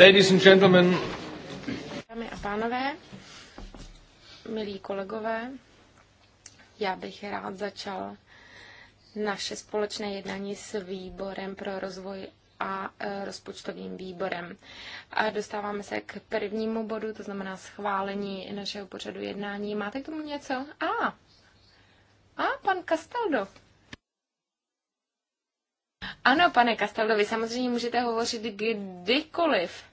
Ladies and gentlemen. Dámy a pánové, milí kolegové, já bych rád začal naše společné jednání s výborem pro rozvoj a e, rozpočtovým výborem. A dostáváme se k prvnímu bodu, to znamená schválení našeho pořadu jednání. Máte k tomu něco? A, ah, a ah, pan Castaldo. Ano, pane Castaldo, vy samozřejmě můžete hovořit kdykoliv.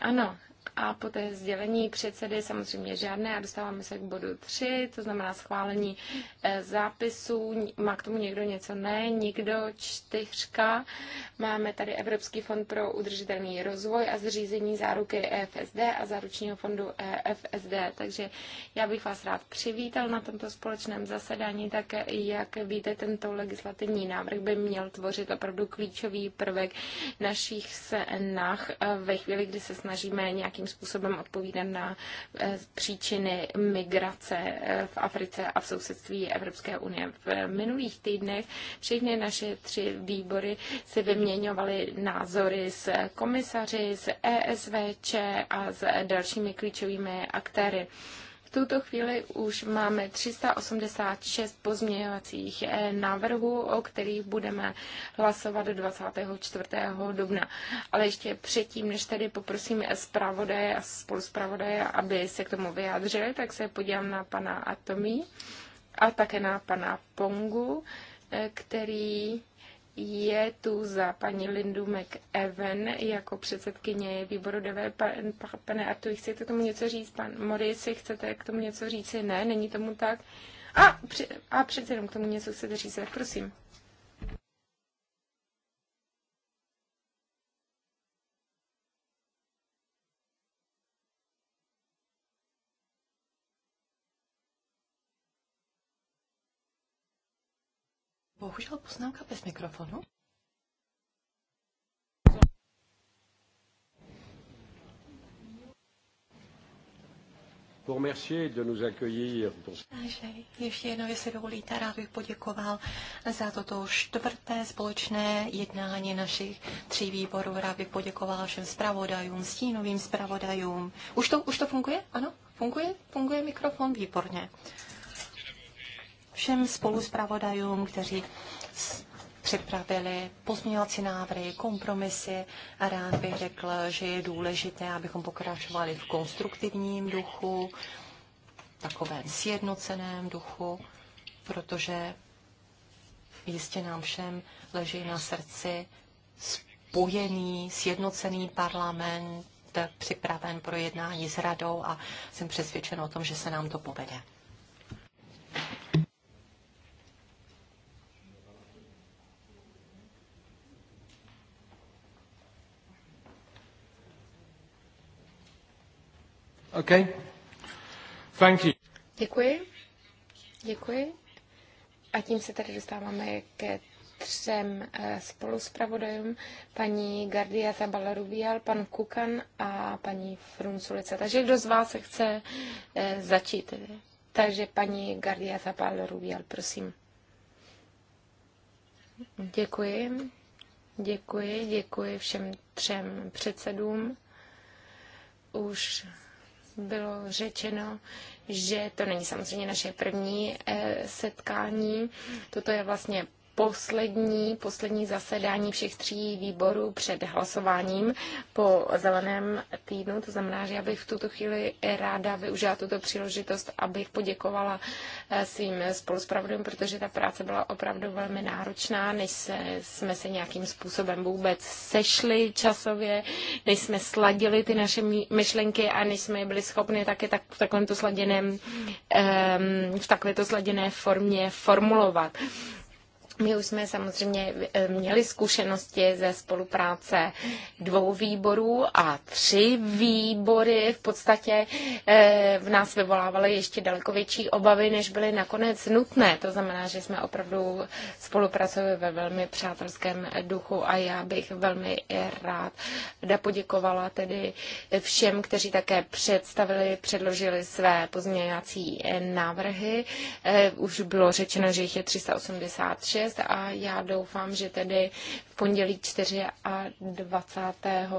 Ano, a poté sdělení předsedy samozřejmě žádné a dostáváme se k bodu 3, to znamená schválení e, zápisů. Má k tomu někdo něco? Ne, nikdo. Čtyřka. Máme tady Evropský fond pro udržitelný rozvoj a zřízení záruky EFSD a záručního fondu EFSD. Takže já bych vás rád přivítal na tomto společném zasedání. Tak jak víte, tento legislativní návrh by měl tvořit opravdu klíčový prvek našich snah e, ve chvíli, kdy se snažíme nějaký nějakým způsobem odpovídat na eh, příčiny migrace eh, v Africe a v sousedství Evropské unie. V minulých týdnech všechny naše tři výbory si vyměňovaly názory s komisaři, s ESVČ a s dalšími klíčovými aktéry tuto chvíli už máme 386 pozměňovacích eh, návrhů, o kterých budeme hlasovat do 24. dubna. Ale ještě předtím, než tedy poprosím zpravodaje a spoluzpravodaje, aby se k tomu vyjádřili, tak se podívám na pana Atomí a také na pana Pongu, eh, který je tu za paní Lindu McEwen jako předsedkyně výboru DVP. Pane, pane chcete k tomu něco říct? Pan Morisi, chcete k tomu něco říct Ne, není tomu tak. A, a přece jenom k tomu něco chcete říct, prosím. bohužel poznámka bez mikrofonu. Takže ještě jednou, jestli dovolíte, rád bych poděkoval za toto čtvrté společné jednání našich tří výborů. Rád bych poděkoval všem zpravodajům, stínovým zpravodajům. Už to, už to funguje? Ano? Funguje? Funguje mikrofon? Výborně. Uh, všem spoluzpravodajům, kteří připravili pozměňovací návrhy, kompromisy a rád bych řekl, že je důležité, abychom pokračovali v konstruktivním duchu, takovém sjednoceném duchu, protože jistě nám všem leží na srdci spojený, sjednocený parlament, připraven pro jednání s radou a jsem přesvědčen o tom, že se nám to povede. Okay. Thank you. Děkuji. Děkuji. A tím se tady dostáváme ke třem eh, spoluspravodajům, paní Gardia Tabalarubial, pan Kukan a paní Frunculica. Takže kdo z vás se chce eh, začít? Takže paní Gardia Tabalarubial, prosím. Děkuji. Děkuji, děkuji všem třem předsedům. Už bylo řečeno, že to není samozřejmě naše první eh, setkání. Toto je vlastně poslední, poslední zasedání všech tří výborů před hlasováním po zeleném týdnu. To znamená, že já bych v tuto chvíli ráda využila tuto příležitost, abych poděkovala eh, svým spoluspravodům, protože ta práce byla opravdu velmi náročná, než se, jsme se nějakým způsobem vůbec sešli časově, než jsme sladili ty naše myšlenky a než jsme je byli schopni také tak, v takovémto sladěném, v takovéto sladěné formě formulovat. My už jsme samozřejmě eh, měli zkušenosti ze spolupráce dvou výborů a tři výbory v podstatě eh, v nás vyvolávaly ještě daleko větší obavy, než byly nakonec nutné. To znamená, že jsme opravdu spolupracovali ve velmi přátelském duchu a já bych velmi rád poděkovala tedy všem, kteří také představili, předložili své pozměňovací eh, návrhy. Už bylo řečeno, že jich je 383 6 a já doufám, že tedy v pondělí 4 a 20.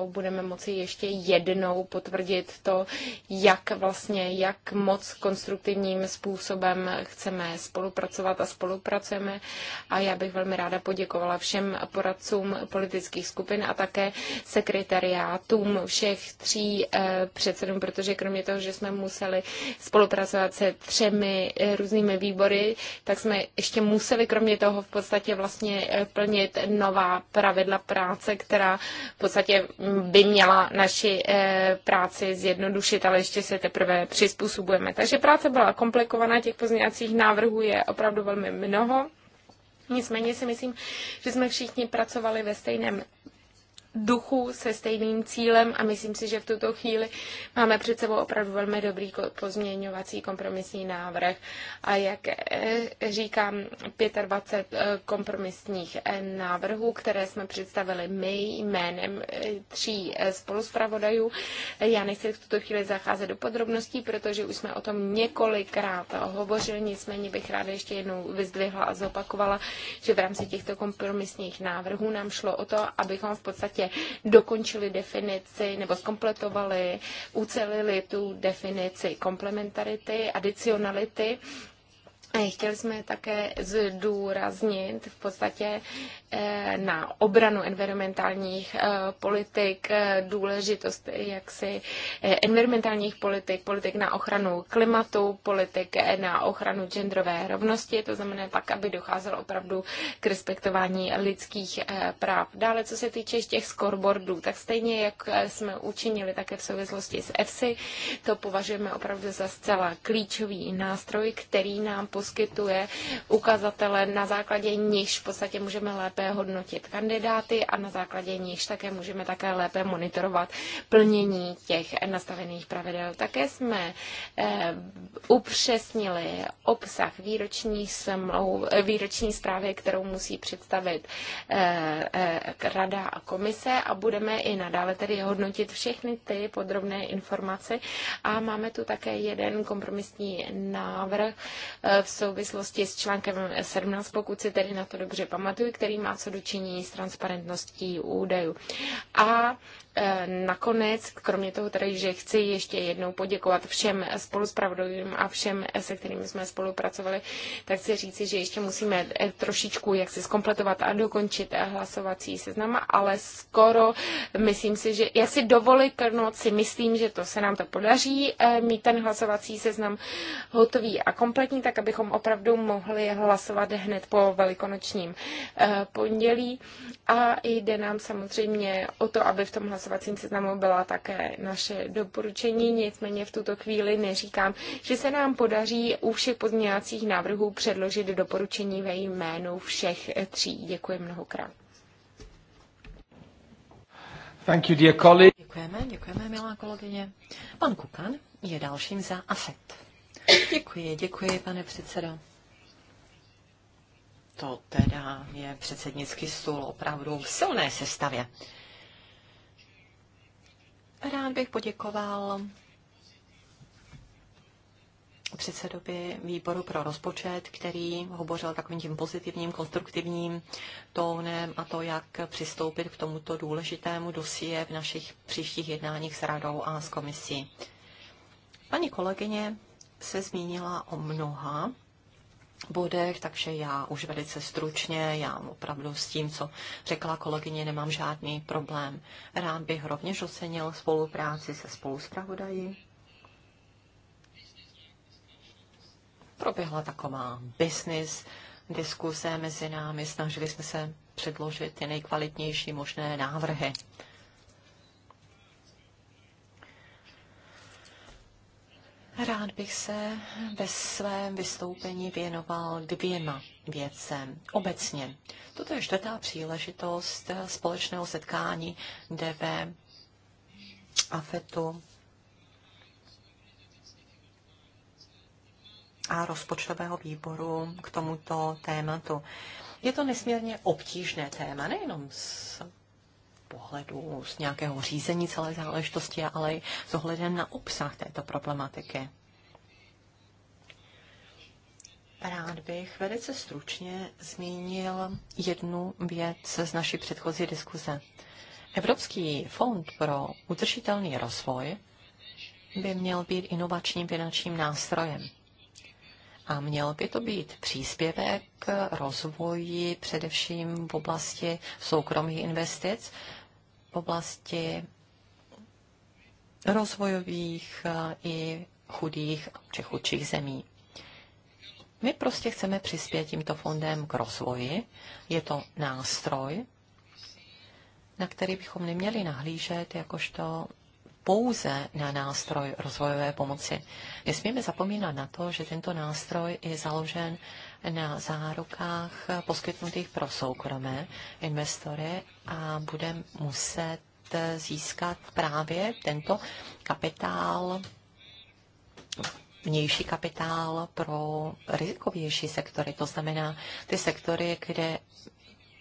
budeme moci ještě jednou potvrdit to, jak vlastně, jak moc konstruktivním způsobem chceme spolupracovat a spolupracujeme. A já bych velmi ráda poděkovala všem poradcům politických skupin a také sekretariátům všech tří eh, předsedům, protože kromě toho, že jsme museli spolupracovat se třemi eh, různými výbory, tak jsme ještě museli kromě toho v podstatě vlastně eh, plnit nová pravidla práce, která v podstatě mm, by měla naši eh, práci zjednodušit, ale ještě se teprve přizpůsobujeme. Takže práce byla komplikovaná, těch pozměňovacích návrhů je opravdu velmi mnoho. Nicméně si myslím, že jsme všichni pracovali ve stejném duchu se stejným cílem a myslím si, že v tuto chvíli máme před sebou opravdu velmi dobrý pozměňovací kompromisní návrh a jak eh, říkám, 25 eh, kompromisních eh, návrhů, které jsme představili my jménem tří spoluspravodajů. Já nechci v tuto chvíli zacházet do podrobností, protože už jsme o tom několikrát hovořili, nicméně bych ráda ještě jednou vyzdvihla a zopakovala, že v rámci těchto kompromisních návrhů nám šlo o to, abychom v podstatě ještě prostě dokončili definici nebo zkompletovali, ucelili tu definici komplementarity, adicionality Chtěli jsme také zdůraznit v podstatě eh, na obranu environmentálních eh, politik eh, důležitost jaksi environmentálních politik, politik na ochranu klimatu, politik na ochranu genderové rovnosti, to znamená tak, aby docházelo opravdu k respektování lidských práv. Dále, co se týče těch scoreboardů, tak stejně, jak jsme učinili také v souvislosti s EFSI, to považujeme opravdu za zcela klíčový nástroj, který nám poskytuje poskytuje ukazatele, na základě nichž v podstatě můžeme lépe hodnotit kandidáty a na základě nichž také můžeme také lépe monitorovat plnění těch nastavených pravidel. Také jsme eh, upřesnili obsah výroční, smlou, eh, výroční zprávy, kterou musí představit eh, rada a komise a budeme i nadále tedy hodnotit všechny ty podrobné informace a máme tu také jeden kompromisní návrh v souvislosti s článkem 17, pokud si tedy na to dobře pamatuju, který má co dočinění s transparentností údajů. A Eh, nakonec, kromě toho tedy, že chci ještě jednou poděkovat všem spoluspravodajům a všem, eh, se kterými jsme spolupracovali, tak chci říci, že ještě musíme eh, trošičku jak se zkompletovat a dokončit hlasovací seznam, ale skoro myslím si, že já si dovolit si myslím, že to se nám to podaří mít ten hlasovací seznam hotový a kompletní, tak abychom opravdu mohli hlasovat hned po velikonočním pondělí a jde nám samozřejmě o to, aby v tom hlasovací hlasovacím seznamu byla také naše doporučení, nicméně v tuto chvíli neříkám, že se nám podaří u všech pozměňovacích návrhů předložit doporučení ve jménu všech tří. Děkuji mnohokrát. Thank you, dear colleague. Děkujeme, děkujeme, milá kolegyně. Pan Kukan je dalším za AFET. Děkuji, děkuji, pane předsedo. To teda je předsednický stůl opravdu v silné sestavě. Rád bych poděkoval předsedovi výboru pro rozpočet, který hovořil takovým tím pozitivním, konstruktivním tónem a to, jak přistoupit k tomuto důležitému dosie v našich příštích jednáních s radou a s komisí. Paní kolegyně se zmínila o mnoha bodech, takže já už velice stručně, já opravdu s tím, co řekla kolegyně, nemám žádný problém. Rád bych rovněž ocenil spolupráci se spoluspravodají. Proběhla taková business diskuse mezi námi, snažili jsme se předložit ty nejkvalitnější možné návrhy Rád bych se ve svém vystoupení věnoval dvěma věcem obecně. Toto je čtvrtá příležitost společného setkání DV a FETu a rozpočtového výboru k tomuto tématu. Je to nesmírně obtížné téma, nejenom z pohledu z nějakého řízení celé záležitosti, ale i s ohledem na obsah této problematiky. Rád bych velice stručně zmínil jednu věc z naší předchozí diskuze. Evropský fond pro udržitelný rozvoj by měl být inovačním finančním nástrojem a měl by to být příspěvek k rozvoji především v oblasti soukromých investic, v oblasti rozvojových eh, i chudých či chudších zemí. My prostě chceme přispět tímto fondem k rozvoji. Je to nástroj, na který bychom neměli nahlížet jakožto pouze na nástroj rozvojové pomoci. Nesmíme zapomínat na to, že tento nástroj je založen na zárukách poskytnutých pro soukromé investory a bude muset získat právě tento kapitál, vnější kapitál pro rizikovější sektory. To znamená ty sektory, kde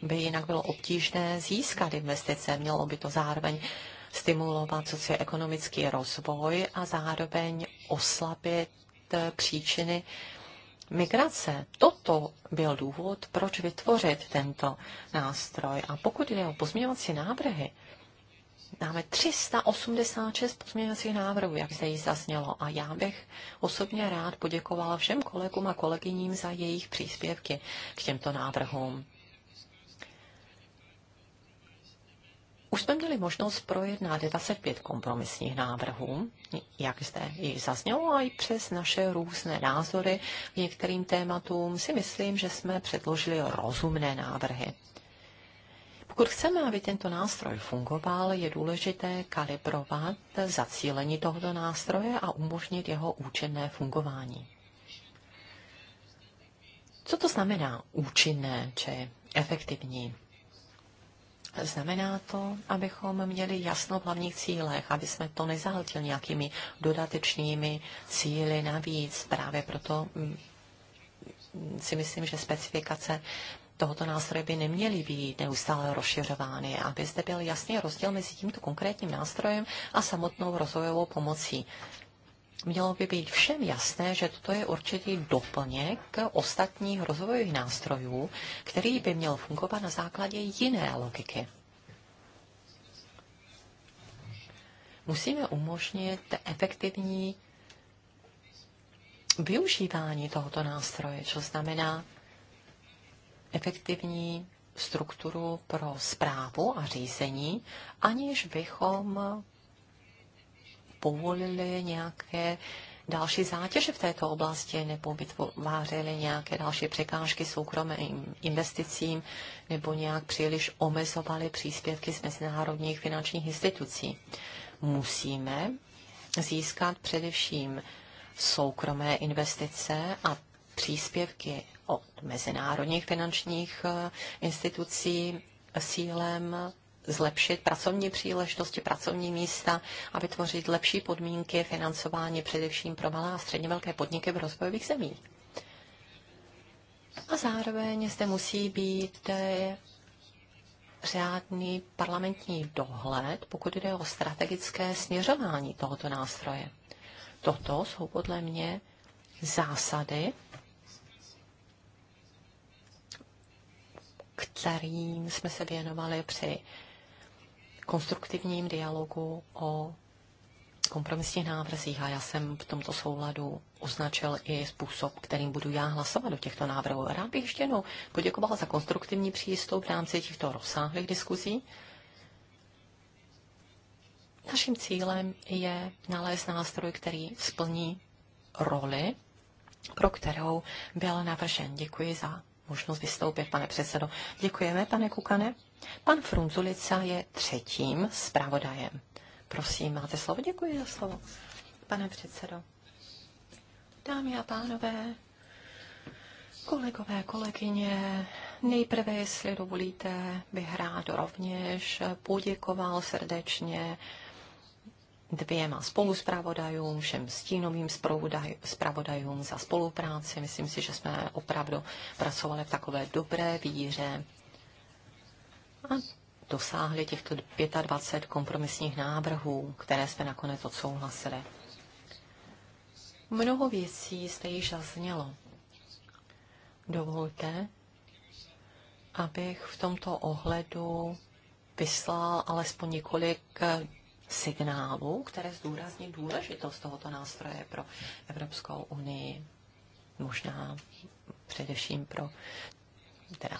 by jinak bylo obtížné získat investice. Mělo by to zároveň stimulovat socioekonomický rozvoj a zároveň oslabit eh, příčiny migrace. Toto byl důvod, proč vytvořit tento nástroj. A pokud jde o pozměňovací návrhy, máme 386 pozměňovacích návrhů, jak zde již zaznělo. A já bych osobně rád poděkovala všem kolegům a kolegyním za jejich příspěvky k těmto návrhům. Už jsme měli možnost projednat 25 kompromisních návrhů, jak zde již zaznělo, a i přes naše různé názory k některým tématům si myslím, že jsme předložili rozumné návrhy. Pokud chceme, aby tento nástroj fungoval, je důležité kalibrovat zacílení tohoto nástroje a umožnit jeho účinné fungování. Co to znamená účinné či efektivní? Znamená to, abychom měli jasno v hlavních cílech, aby jsme to nezahltili nějakými dodatečnými cíly navíc. Právě proto mm, si myslím, že specifikace tohoto nástroje by neměly být neustále rozšiřovány, aby zde byl jasný rozdíl mezi tímto konkrétním nástrojem a samotnou rozvojovou pomocí mělo by být všem jasné, že toto je určitý doplněk ostatních rozvojových nástrojů, který by měl fungovat na základě jiné logiky. Musíme umožnit efektivní využívání tohoto nástroje, co znamená efektivní strukturu pro zprávu a řízení, aniž bychom povolili nějaké další zátěže v této oblasti nebo vytvářely nějaké další překážky soukromým investicím nebo nějak příliš omezovaly příspěvky z mezinárodních finančních institucí. Musíme získat především soukromé investice a příspěvky od mezinárodních finančních eh, institucí sílem zlepšit pracovní příležitosti, pracovní místa a vytvořit lepší podmínky financování především pro malé a středně velké podniky v rozvojových zemích. A zároveň zde musí být eh, řádný parlamentní dohled, pokud jde o strategické směřování tohoto nástroje. Toto jsou podle mě zásady, kterým jsme se věnovali při konstruktivním dialogu o kompromisních návrzích a já jsem v tomto souladu označil i způsob, kterým budu já hlasovat do těchto návrhů. Rád bych ještě jednou poděkoval za konstruktivní přístup v rámci těchto rozsáhlých diskuzí. Naším cílem je nalézt nástroj, který splní roli, pro kterou byl navržen. Děkuji za možnost vystoupit, pane předsedo. Děkujeme, pane Kukane. Pan Frunzulica je třetím zpravodajem. Prosím, máte slovo. Děkuji za slovo, pane předsedo. Dámy a pánové, kolegové, kolegyně, nejprve, jestli dovolíte, bych rád rovněž poděkoval srdečně dvěma spoluzpravodajům, všem stínovým spravodajům za spolupráci. Myslím si, že jsme opravdu pracovali v takové dobré víře a dosáhli těchto 25 kompromisních návrhů, které jsme nakonec odsouhlasili. Mnoho věcí jste již zaznělo. Dovolte, abych v tomto ohledu vyslal alespoň několik signálů, které zdůrazní důležitost tohoto nástroje pro Evropskou unii. Možná především pro teda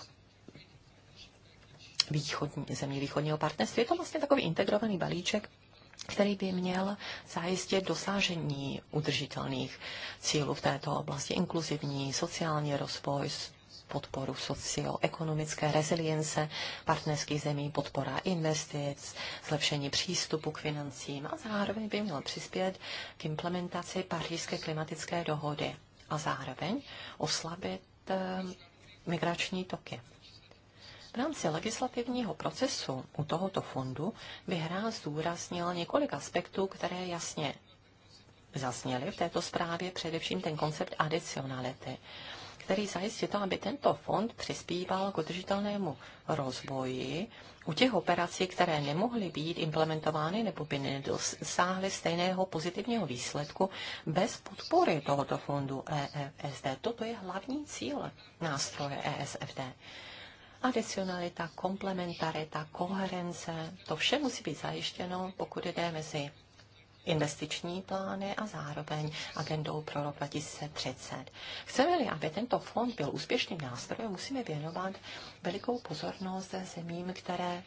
východní, zemí východního partnerství. Je to vlastně takový integrovaný balíček, který by měl zajistit dosážení udržitelných cílů v této oblasti, inkluzivní, sociální rozvoj, podporu socioekonomické rezilience partnerských zemí, podpora investic, zlepšení přístupu k financím a zároveň by měl přispět k implementaci pařížské klimatické dohody a zároveň oslabit eh, migrační toky. V rámci legislativního procesu u tohoto fondu bych rád zdůraznil několik aspektů, které jasně zazněly v této zprávě, především ten koncept adicionality který zajistí to, aby tento fond přispíval k udržitelnému rozvoji u těch operací, které nemohly být implementovány nebo by nedosáhly stejného pozitivního výsledku bez podpory tohoto fondu EFSD. Toto je hlavní cíl nástroje ESFD. Adicionalita, komplementarita, koherence, to vše musí být zajištěno, pokud jde mezi investiční plány a zároveň agendou pro rok 2030. Chceme-li, aby tento fond byl úspěšným nástrojem, musíme věnovat velikou pozornost zemím, které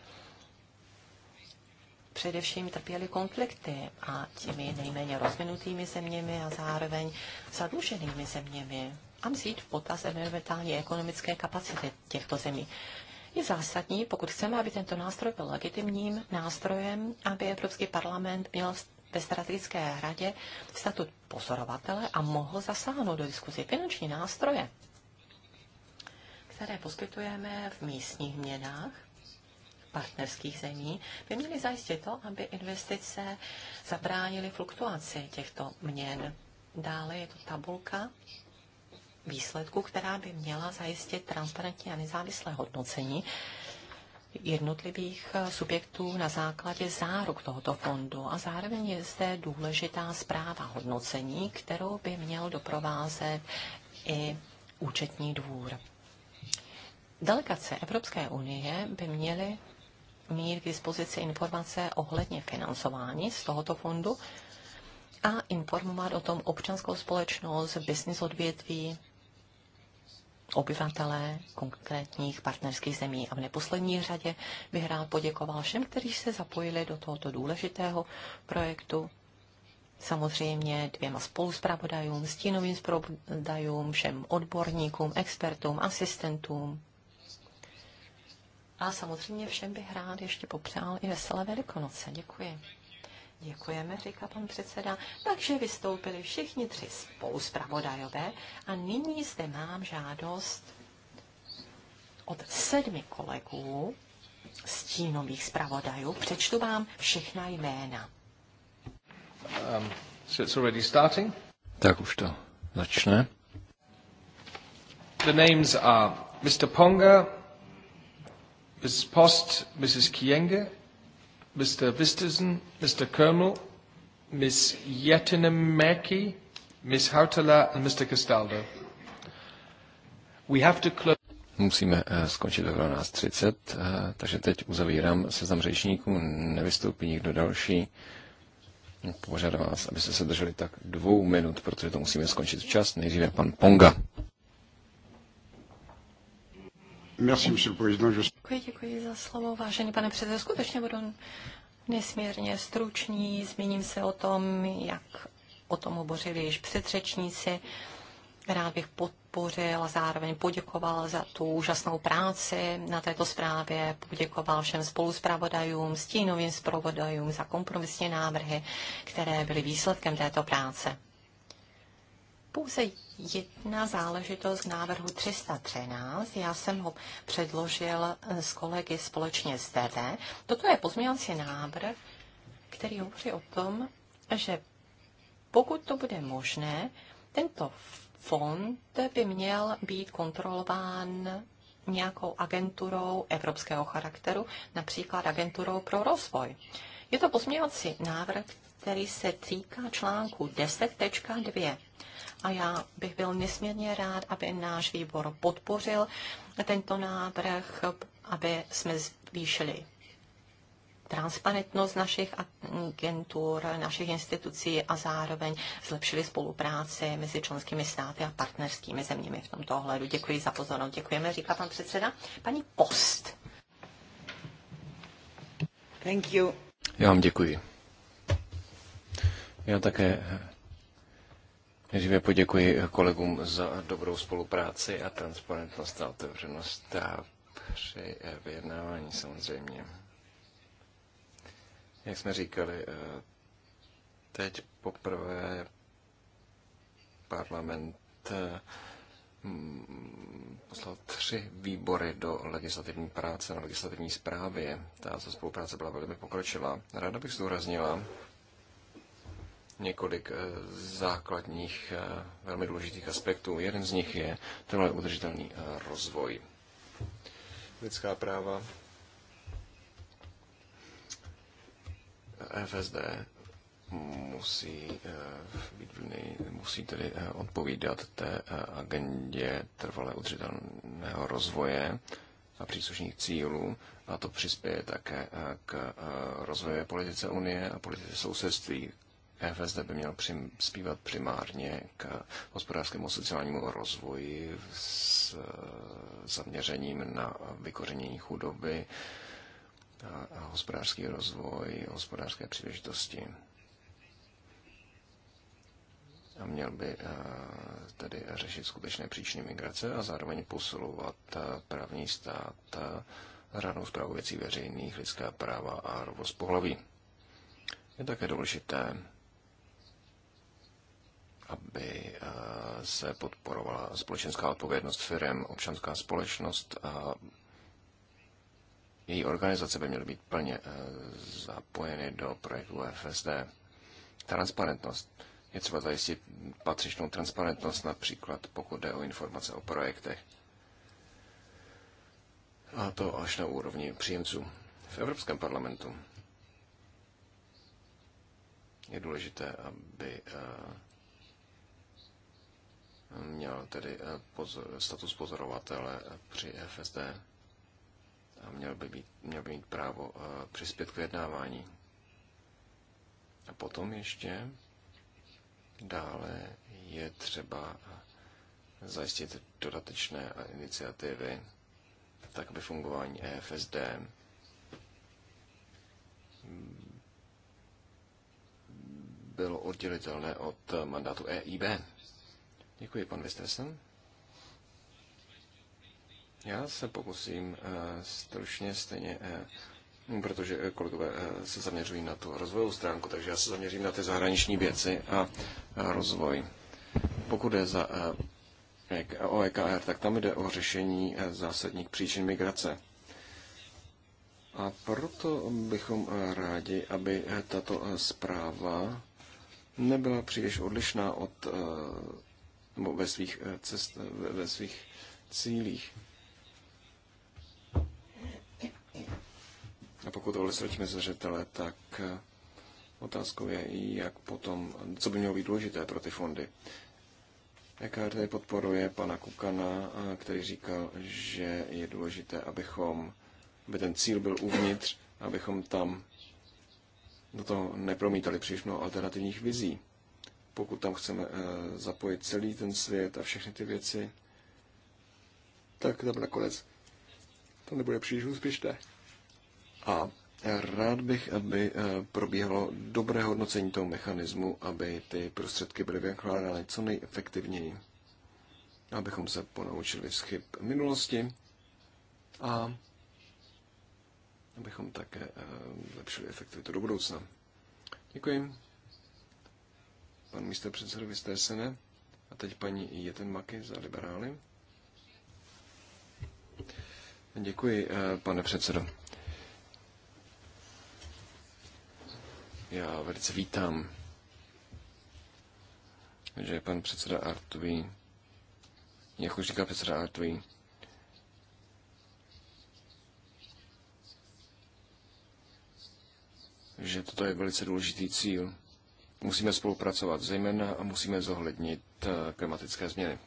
především trpěly konflikty a těmi nejméně rozvinutými zeměmi a zároveň zadluženými zeměmi a vzít v potaz eventuální ekonomické kapacity těchto zemí. Je zásadní, pokud chceme, aby tento nástroj byl legitimním nástrojem, aby Evropský parlament měl ve strategické radě statut pozorovatele a mohl zasáhnout do diskuzi finanční nástroje, které poskytujeme v místních měnách partnerských zemí, by měly zajistit to, aby investice zabránily fluktuaci těchto měn. Dále je to tabulka výsledku, která by měla zajistit transparentní a nezávislé hodnocení jednotlivých eh, subjektů na základě záruk tohoto fondu a zároveň je zde důležitá zpráva hodnocení, kterou by měl doprovázet i účetní dvůr. Delegace Evropské unie by měly mít k dispozici informace ohledně financování z tohoto fondu a informovat o tom občanskou společnost, business odvětví, obyvatelé konkrétních partnerských zemí. A v neposlední řadě bych rád poděkoval všem, kteří se zapojili do tohoto důležitého projektu. Samozřejmě dvěma spoluzpravodajům, stínovým zpravodajům, všem odborníkům, expertům, asistentům. A samozřejmě všem bych rád ještě popřál i veselé velikonoce. Děkuji. Děkujeme, říká pan předseda. Takže vystoupili všichni tři spoluzpravodajové a nyní zde mám žádost od sedmi kolegů stínových zpravodajů. Přečtu vám všechna jména. Um, so it's already starting? Tak už to začne. The names are Mr. Ponga, Mrs. Post, Mrs. Kienge, Mr. Vistisen, Mr. Colonel, Ms. Ms. Hautala and Mr. Castaldo. We have to close. Musíme eh, skončit do 12.30, eh, takže teď uzavírám seznam řečníků, nevystoupí nikdo další. Požádám vás, abyste se drželi tak dvou minut, protože to musíme skončit včas. Nejdříve pan Ponga. Děkuji, děkuji za slovo. Vážený pane předsedo, skutečně budu nesmírně stručný. Zmíním se o tom, jak o tom obořili již předřečníci. Rád bych podpořil a zároveň poděkoval za tu úžasnou práci na této zprávě. Poděkoval všem spoluzpravodajům, stínovým zpravodajům za kompromisní návrhy, které byly výsledkem této práce pouze jedna záležitost k návrhu 313. Já jsem ho předložil eh, s kolegy společně z TV. Toto je pozměňovací návrh, který hovoří o tom, že pokud to bude možné, tento fond by měl být kontrolován nějakou agenturou evropského charakteru, například agenturou pro rozvoj. Je to pozměňovací návrh, který se týká článku 10.2. A já bych byl nesmírně rád, aby náš výbor podpořil tento návrh, aby jsme zvýšili transparentnost našich agentur, našich institucí a zároveň zlepšili spolupráci mezi členskými státy a partnerskými zeměmi v tomto ohledu. Děkuji za pozornost. Děkujeme, říká pan předseda. Paní Post. Thank you. Já vám děkuji. Já také Nejdříve poděkuji kolegům za dobrou spolupráci a transparentnost a otevřenost a při vyjednávání samozřejmě. Jak jsme říkali, eh, teď poprvé parlament eh, mm, poslal tři výbory do legislativní práce na legislativní zprávě. Ta spolupráce byla velmi pokročilá. Ráda bych zdůraznila, několik eh, základních eh, velmi důležitých aspektů. Jeden z nich je trvalý udržitelný eh, rozvoj. Lidská práva, FSD musí být musí tedy odpovídat té agendě trvalé udržitelného rozvoje a příslušných cílů a to přispěje také k rozvoje politice Unie a politice sousedství, FSD by měl přispívat primárně k hospodářskému sociálnímu rozvoji s eh, zaměřením na vykořenění chudoby, a hospodářský rozvoj, hospodářské příležitosti. A měl by eh, tedy řešit skutečné příčiny migrace a zároveň posilovat eh, právní stát, řádnou zprávu věcí veřejných, lidská práva a rovnost pohlaví. Je také důležité aby eh, se podporovala společenská odpovědnost firm, občanská společnost a její organizace by měly být plně eh, zapojeny do projektu FSD. Transparentnost. Je třeba zajistit patřičnou transparentnost, například pokud jde o informace o projektech. A to až na úrovni příjemců v Evropském parlamentu. Je důležité, aby eh, měl tedy eh, pozor, status pozorovatele eh, při FSD a měl by, být, měl by mít právo eh, přispět k vyjednávání. A potom ještě dále je třeba zajistit dodatečné iniciativy, tak aby fungování EFSD bylo oddělitelné od mandátu EIB. Děkuji, pan Vestersen. Já se pokusím eh, stručně stejně, eh, protože kolegové eh, se zaměřují na tu rozvojovou stránku, takže já se zaměřím na ty zahraniční věci a rozvoj. Pokud je za e o EKR, tak tam jde o řešení zásadních příčin migrace. A proto bychom rádi, aby tato zpráva nebyla příliš odlišná od nebo ve svých, eh, cest, eh, ve svých cílích. A pokud tohle ztratíme zřetele, tak eh, otázkou je, jak potom, co by mělo být důležité pro ty fondy. EKRT podporuje pana Kukana, který říkal, že je důležité, abychom, aby ten cíl byl uvnitř, abychom tam do toho nepromítali příliš mnoho alternativních vizí pokud tam chceme eh, zapojit celý ten svět a všechny ty věci, tak tam nakonec to nebude příliš úspěšné. A rád bych, aby eh, probíhalo dobré hodnocení toho mechanismu, aby ty prostředky byly vynakládány co nejefektivněji, abychom se ponaučili z chyb minulosti a abychom také eh, zlepšili efektivitu do budoucna. Děkuji pan místo předsedovi vy e A teď paní Jeten Maky za liberály. Děkuji, eh, pane předsedo. Já velice vítám, že pan předseda Artový, jak už říká předseda Artový, že toto je velice důležitý cíl. Musíme spolupracovat, zejména a musíme zohlednit eh, klimatické změny.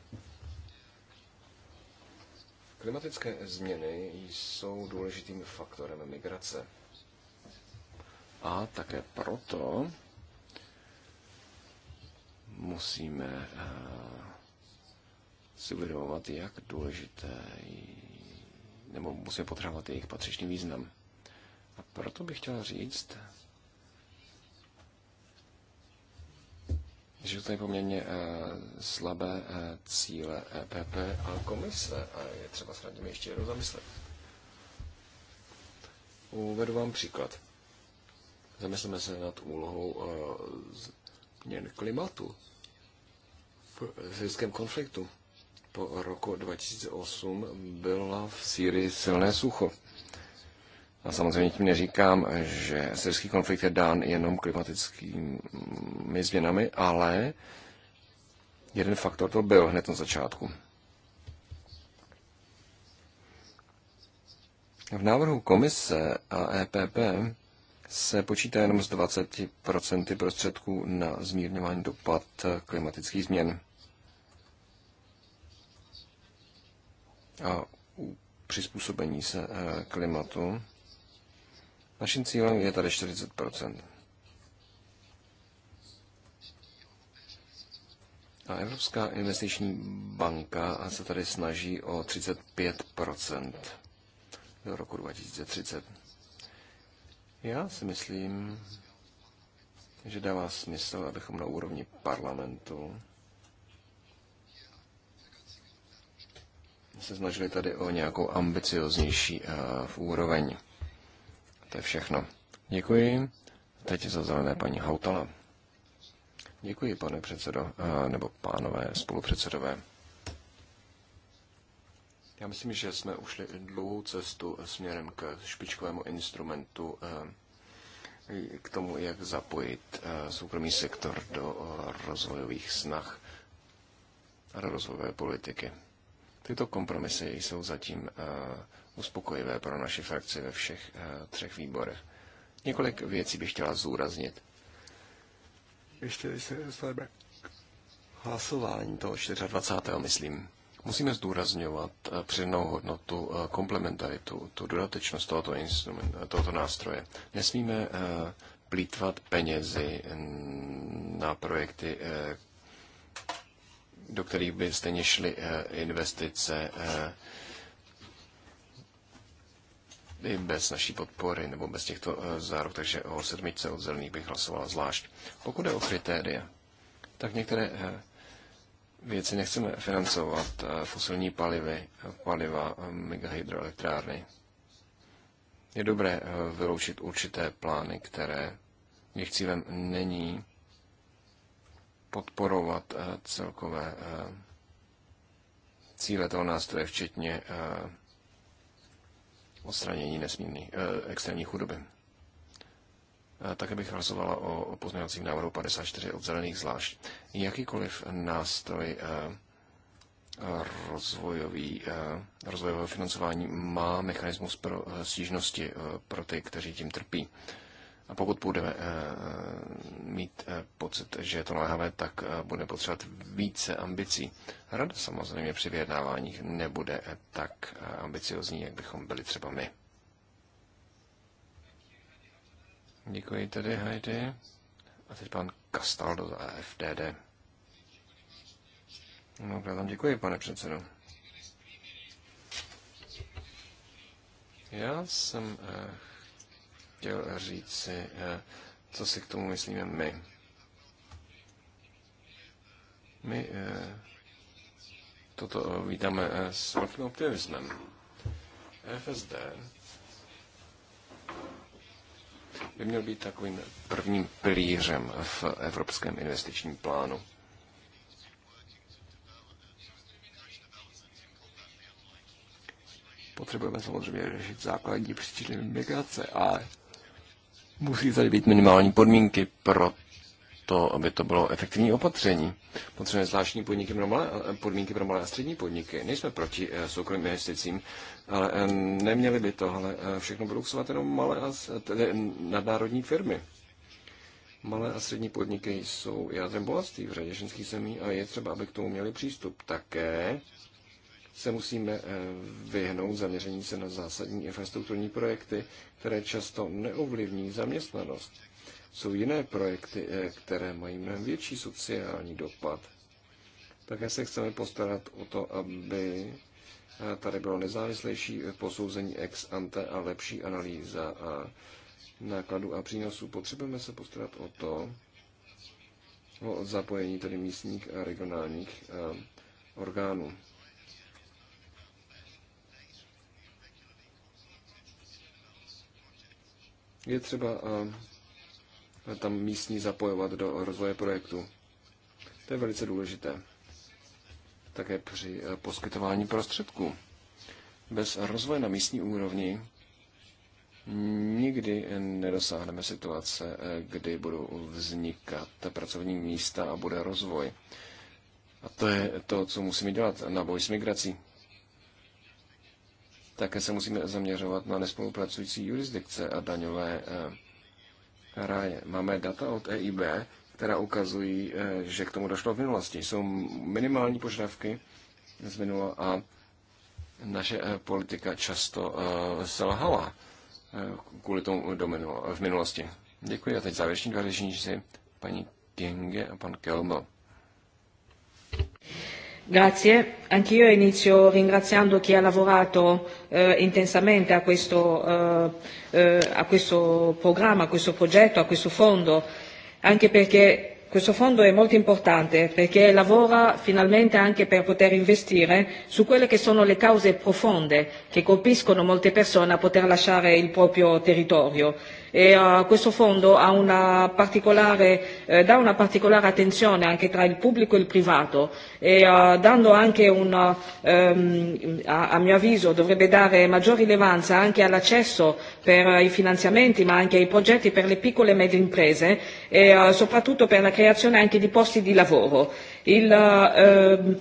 Klimatické změny jsou důležitým faktorem migrace. A také proto musíme eh, si uvědomovat, jak důležité, nebo musíme potřebovat jejich patřičný význam. A proto bych chtěl říct, že to je poměrně eh, slabé eh, cíle EPP a komise a je třeba s radím ještě jednou zamyslet. Uvedu vám příklad. Zamysleme se nad úlohou eh, změn klimatu v syrském konfliktu. Po roku 2008 byla v Sýrii silné sucho. A samozřejmě tím neříkám, že syrský konflikt je dán jenom klimatickými změnami, ale jeden faktor to byl hned na začátku. V návrhu komise a EPP se počítá jenom z 20% prostředků na zmírňování dopad klimatických změn. A přizpůsobení se eh, klimatu Naším cílem je tady 40 A Evropská investiční banka se tady snaží o 35 do roku 2030. Já si myslím, že dává smysl, abychom na úrovni parlamentu se snažili tady o nějakou ambicioznější uh, úroveň. To je všechno. Děkuji. Teď za zelené paní Hautala. Děkuji, pane předsedo, eh, nebo pánové spolupředsedové. Já myslím, že jsme ušli dlouhou cestu směrem k špičkovému instrumentu, eh, k tomu, jak zapojit eh, soukromý sektor do rozvojových snah a do rozvojové politiky. Tyto kompromisy jsou zatím uspokojivé pro naši frakci ve všech eh, třech výborech. Několik věcí bych chtěla zúraznit. Ještě než se dostaneme k hlasování toho 24. myslím. Musíme zdůrazňovat eh, přednou hodnotu, eh, komplementaritu, tu dodatečnost tohoto, tohoto nástroje. Nesmíme plítvat penězi na projekty, do kterých by stejně šly investice i bez naší podpory nebo bez těchto eh, záruk, takže o sedmičce od zelených bych hlasoval zvlášť. Pokud je o kritéria, tak některé eh, věci nechceme financovat, eh, fosilní palivy, paliva, megahydroelektrárny. Je dobré vyloučit určité plány, které jejich cílem není podporovat celkové cíle toho nástroje, včetně odstranění eh, extrémní chudoby. Eh, také bych hlasovala o pozměňovacím návrhu 54 od zelených zvlášť. Jakýkoliv nástroj eh, rozvojový, eh, rozvojového financování má mechanismus pro stížnosti pro ty, kteří tím trpí. A pokud budeme eh, eh, mít eh, pocit, že je to naléhavé, tak bude potřebovat více ambicí. Rada samozřejmě při vyjednáváních nebude tak ambiciozní, jak bychom byli třeba my. Děkuji tedy, Heidi. A teď pan Castaldo za e FDD. No, já vám děkuji, pane předsedo. Já jsem chtěl říci, eh, co si k tomu myslíme my. My eh, toto vítáme eh, s velkým optimismem. FSD by měl být takovým prvním pilířem v Evropském investičním plánu. Potřebujeme samozřejmě řešit základní příčiny migrace, ale Musí tady být minimální podmínky pro to, aby to bylo efektivní opatření. Potřebujeme zvláštní podniky pro malé, eh, podmínky pro malé a střední podniky. Nejsme proti eh, soukromým investicím, ale eh, neměli by ale všechno bruxovat jenom malé a tedy nadnárodní firmy. Malé a střední podniky jsou jádrem bohatství v řadě ženských zemí a je třeba, aby k tomu měli přístup také se musíme eh, vyhnout zaměření se na zásadní infrastrukturní projekty, které často neovlivní zaměstnanost. Jsou jiné projekty, eh, které mají mnohem větší sociální dopad. Také se chceme postarat o to, aby eh, tady bylo nezávislejší posouzení ex ante a lepší analýza a nákladů a přínosů. Potřebujeme se postarat o to, o zapojení tedy místních a regionálních orgánů. Je třeba tam místní zapojovat do rozvoje projektu. To je velice důležité. Také při poskytování prostředků. Bez rozvoje na místní úrovni nikdy nedosáhneme situace, e, kdy budou vznikat pracovní místa a bude rozvoj. A to je to, co musíme dělat na boj s migrací. Také se musíme zaměřovat na nespolupracující jurisdikce a daňové eh, ráje. Máme data od EIB, která ukazují, eh, že k tomu došlo v minulosti. Jsou minimální požadavky z minula a naše eh, politika často selhala kvůli tomu do minulo, v minulosti. Děkuji a teď závěreční dva řečníci, paní Kinge a pan Kelmo. Grazie. Anch'io inizio ringraziando chi ha lavorato eh, intensamente a questo, eh, eh, a questo programma, a questo progetto, a questo fondo, anche perché questo fondo è molto importante perché lavora finalmente anche per poter investire su quelle che sono le cause profonde che colpiscono molte persone a poter lasciare il proprio territorio e uh, questo fondo ha una particolare, eh, dà una particolare attenzione anche tra il pubblico e il privato e uh, dando anche un, um, a, a mio avviso dovrebbe dare maggior rilevanza anche all'accesso per uh, i finanziamenti ma anche ai progetti per le piccole e medie imprese e uh, soprattutto per la creazione anche di posti di lavoro. Il, uh, um,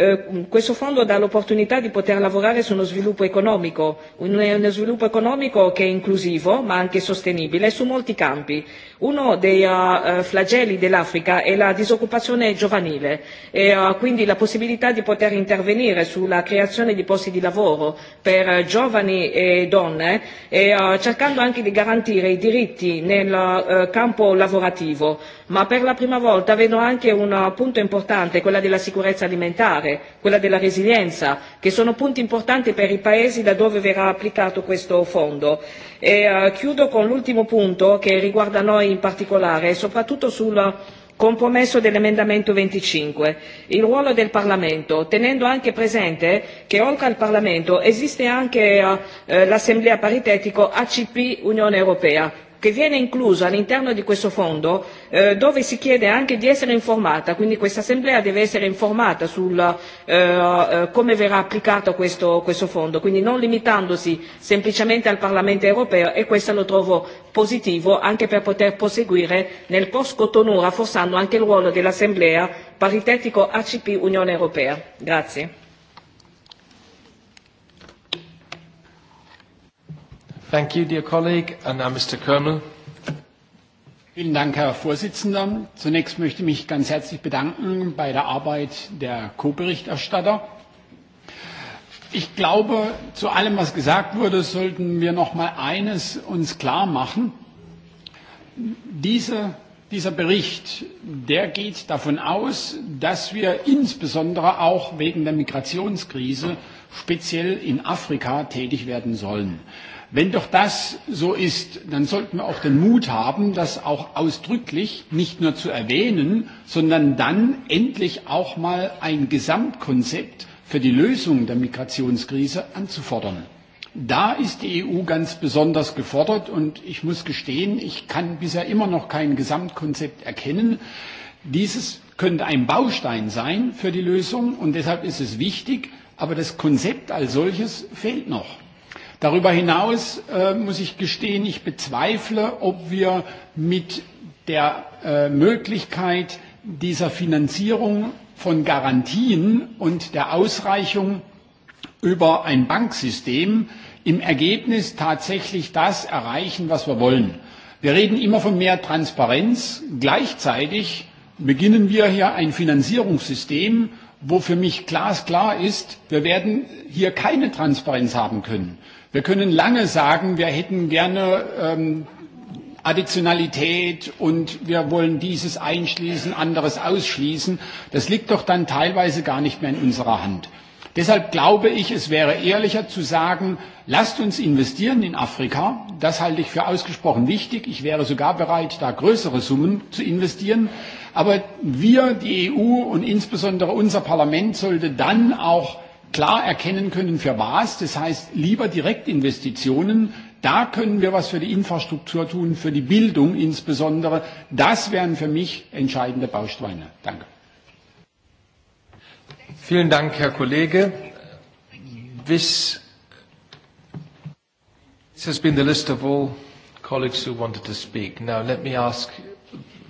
Eh, mm, questo fondo dà l'opportunità di poter lavorare su uno sviluppo economico, eh, uno sviluppo economico che è inclusivo ma anche sostenibile su molti campi Uno dei uh, eh, flagelli dell'Africa è la disoccupazione giovanile e uh, quindi la possibilità di poter intervenire sulla creazione di posti di lavoro per uh, giovani e donne e uh, cercando anche di garantire i diritti nel uh, campo lavorativo. Ma per la prima volta vedo anche un punto importante, quella della sicurezza alimentare, quella della resilienza, che sono punti importanti per i paesi da dove verrà applicato questo fondo. E, uh, chiudo con l'ultimo punto che riguarda noi in particolare, e soprattutto sul compromesso dell'emendamento 25, il ruolo del Parlamento, tenendo anche presente che oltre al Parlamento esiste anche eh, eh l'assemblea paritetico ACP Unione Europea, che viene inclusa all'interno di questo fondo Eh, dove si chiede anche di essere informata, quindi questa assemblea deve essere informata su eh, eh, come verrà applicato questo, questo fondo, quindi non limitandosi semplicemente al Parlamento europeo e questo lo trovo positivo anche per poter proseguire nel post Cotonou rafforzando anche il ruolo dell'Assemblea paritetico ACP Unione Europea. Grazie. Thank you, dear colleague. And now Mr. Vielen Dank, Herr Vorsitzender. Zunächst möchte ich mich ganz herzlich bedanken bei der Arbeit der Co-Berichterstatter. Ich glaube, zu allem, was gesagt wurde, sollten wir noch mal eines uns klar machen. Diese, dieser Bericht, der geht davon aus, dass wir insbesondere auch wegen der Migrationskrise speziell in Afrika tätig werden sollen. Wenn doch das so ist, dann sollten wir auch den Mut haben, das auch ausdrücklich nicht nur zu erwähnen, sondern dann endlich auch mal ein Gesamtkonzept für die Lösung der Migrationskrise anzufordern. Da ist die EU ganz besonders gefordert und ich muss gestehen, ich kann bisher immer noch kein Gesamtkonzept erkennen. Dieses könnte ein Baustein sein für die Lösung und deshalb ist es wichtig, aber das Konzept als solches fehlt noch. Darüber hinaus äh, muss ich gestehen, ich bezweifle, ob wir mit der äh, Möglichkeit dieser Finanzierung von Garantien und der Ausreichung über ein Banksystem im Ergebnis tatsächlich das erreichen, was wir wollen. Wir reden immer von mehr Transparenz. Gleichzeitig beginnen wir hier ein Finanzierungssystem, wo für mich glasklar ist, wir werden hier keine Transparenz haben können. Wir können lange sagen, wir hätten gerne ähm, Additionalität und wir wollen dieses einschließen, anderes ausschließen. Das liegt doch dann teilweise gar nicht mehr in unserer Hand. Deshalb glaube ich, es wäre ehrlicher zu sagen, lasst uns investieren in Afrika. Das halte ich für ausgesprochen wichtig. Ich wäre sogar bereit, da größere Summen zu investieren. Aber wir, die EU und insbesondere unser Parlament sollte dann auch klar erkennen können, für was. Das heißt, lieber Direktinvestitionen. Da können wir was für die Infrastruktur tun, für die Bildung insbesondere. Das wären für mich entscheidende Bausteine. Danke. Vielen Dank, Herr Kollege. This, this has been the list of all colleagues who wanted to speak. Now, let me ask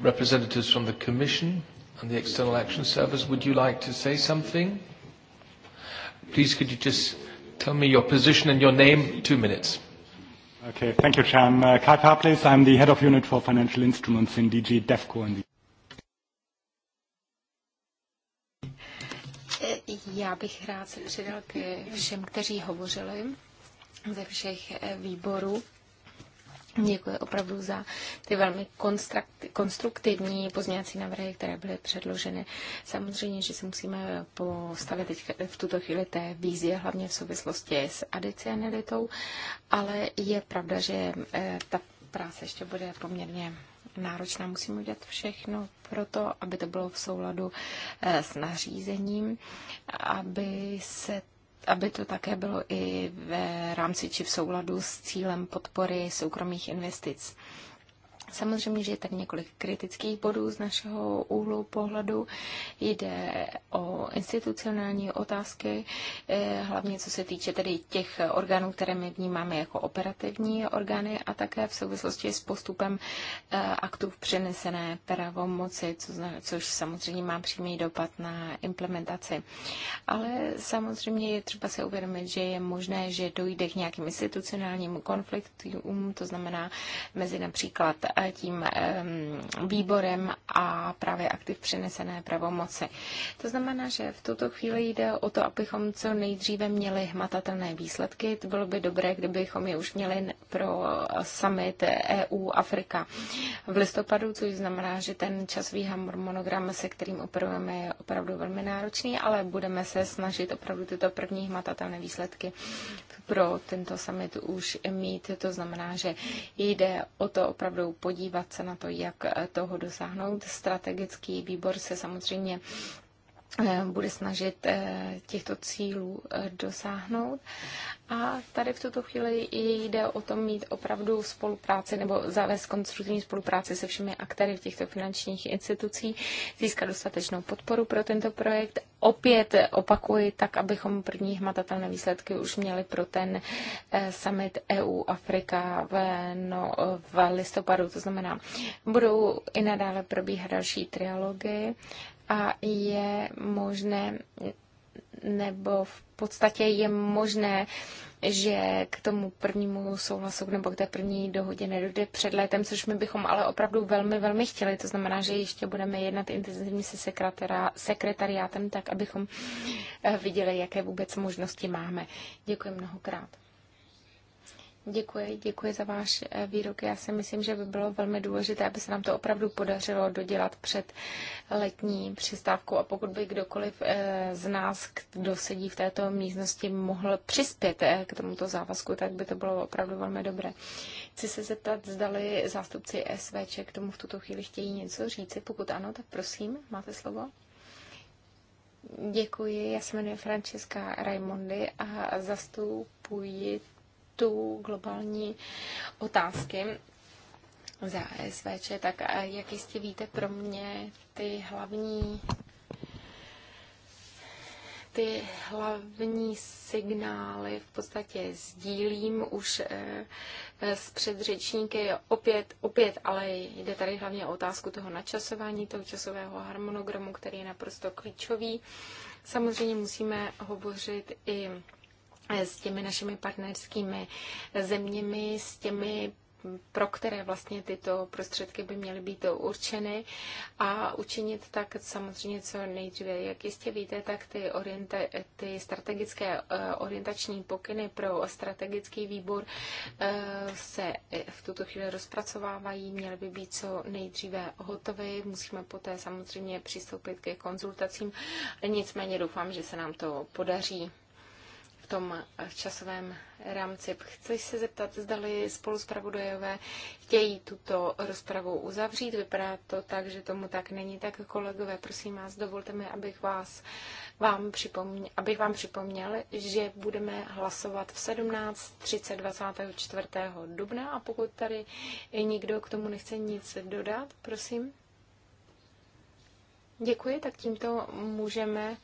representatives from the Commission and the External Action Service, would you like to say something? Please could you just tell me your position and your name? Two minutes. Okay, thank you, Chairman. Uh, Kai Paplis, I'm the head of unit for financial instruments in DG DEFCO. In the eh, Já bych rád se přidal ke všem, kteří hovořili ze všech eh, výborů. Děkuji opravdu za ty velmi konstruktivní pozměňovací návrhy, které byly předloženy. Samozřejmě, že se musíme postavit teď v tuto chvíli té vízie, hlavně v souvislosti s adicionalitou, ale je pravda, že eh, ta práce ještě bude poměrně náročná. Musíme udělat všechno pro to, aby to bylo v souladu eh, s nařízením, aby se aby to také bylo i v rámci či v souladu s cílem podpory soukromých investic. Samozřejmě, že je tady několik kritických bodů z našeho úhlu pohledu. Jde o institucionální otázky, eh, hlavně co se týče tedy těch orgánů, které my vnímáme jako operativní orgány a také v souvislosti s postupem eh, aktů v přenesené pravomoci, což samozřejmě má přímý dopad na implementaci. Ale samozřejmě je třeba se uvědomit, že je možné, že dojde k nějakým institucionálním konfliktům, to znamená mezi například E, tím e, výborem a právě aktiv přenesené pravomoci. To znamená, že v tuto chvíli jde o to, abychom co nejdříve měli hmatatelné výsledky. To bylo by dobré, kdybychom je už měli pro summit EU Afrika v listopadu, což znamená, že ten časový harmonogram, se kterým operujeme, je opravdu velmi náročný, ale budeme se snažit opravdu tyto první hmatatelné výsledky pro tento summit už mít. To znamená, že jde o to opravdu podívat se na to, jak toho dosáhnout. Strategický výbor se samozřejmě Eh, bude snažit eh, těchto cílů eh, dosáhnout. A tady v tuto chvíli jde o tom mít opravdu spolupráci nebo zavést konstruktivní spolupráci se všemi aktéry v těchto finančních institucí, získat dostatečnou podporu pro tento projekt. Opět opakuji, tak abychom první hmatatelné výsledky už měli pro ten summit EU Afrika v, no, v listopadu. To znamená, budou i nadále probíhat další trialogy a je možné, nebo v podstatě je možné, že k tomu prvnímu souhlasu nebo k té první dohodě nedojde před létem, což my bychom ale opravdu velmi, velmi chtěli. To znamená, že ještě budeme jednat intenzivně se sekretariátem, tak abychom eh, viděli, jaké vůbec možnosti máme. Děkuji mnohokrát. Děkuji, děkuji za váš eh, výrok. Já si myslím, že by bylo velmi důležité, aby se nám to opravdu podařilo dodělat před letní přestávkou. A pokud by kdokoliv eh, z nás, kdo sedí v této místnosti, mohl přispět eh, k tomuto závazku, tak by to bylo opravdu velmi dobré. Chci se zeptat, zdali zástupci SVČ k tomu v tuto chvíli chtějí něco říci. Pokud ano, tak prosím, máte slovo. Děkuji, já se jmenuji Francesca Raimondi a zastupuji tu globální otázky za SVČ, tak jak jistě víte, pro mě ty hlavní ty hlavní signály v podstatě sdílím už eh, s předřečníky. Opět, opět, ale jde tady hlavně o otázku toho načasování, toho časového harmonogramu, který je naprosto klíčový. Samozřejmě musíme hovořit i s těmi našimi partnerskými zeměmi, s těmi pro které vlastně tyto prostředky by měly být určeny a učinit tak samozřejmě co nejdříve. Jak jistě víte, tak ty, orienta- ty strategické eh, orientační pokyny pro strategický výbor eh, se eh, v tuto chvíli rozpracovávají, měly by být co nejdříve hotové. Musíme poté samozřejmě přistoupit ke konzultacím, nicméně doufám, že se nám to podaří tom časovém rámci. Chci se zeptat, zdali spolu zpravodajové chtějí tuto rozpravu uzavřít. Vypadá to tak, že tomu tak není. Tak kolegové, prosím vás, dovolte mi, abych, vás, vám, připomněl, abych vám připomněl, že budeme hlasovat v 17.30 24. dubna a pokud tady nikdo k tomu nechce nic dodat, prosím. Děkuji, tak tímto můžeme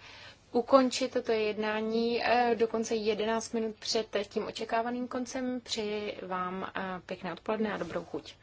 ukončit toto jednání eh, dokonce 11 minut před tím očekávaným koncem. Přeji vám eh, pěkné odpoledne a dobrou chuť.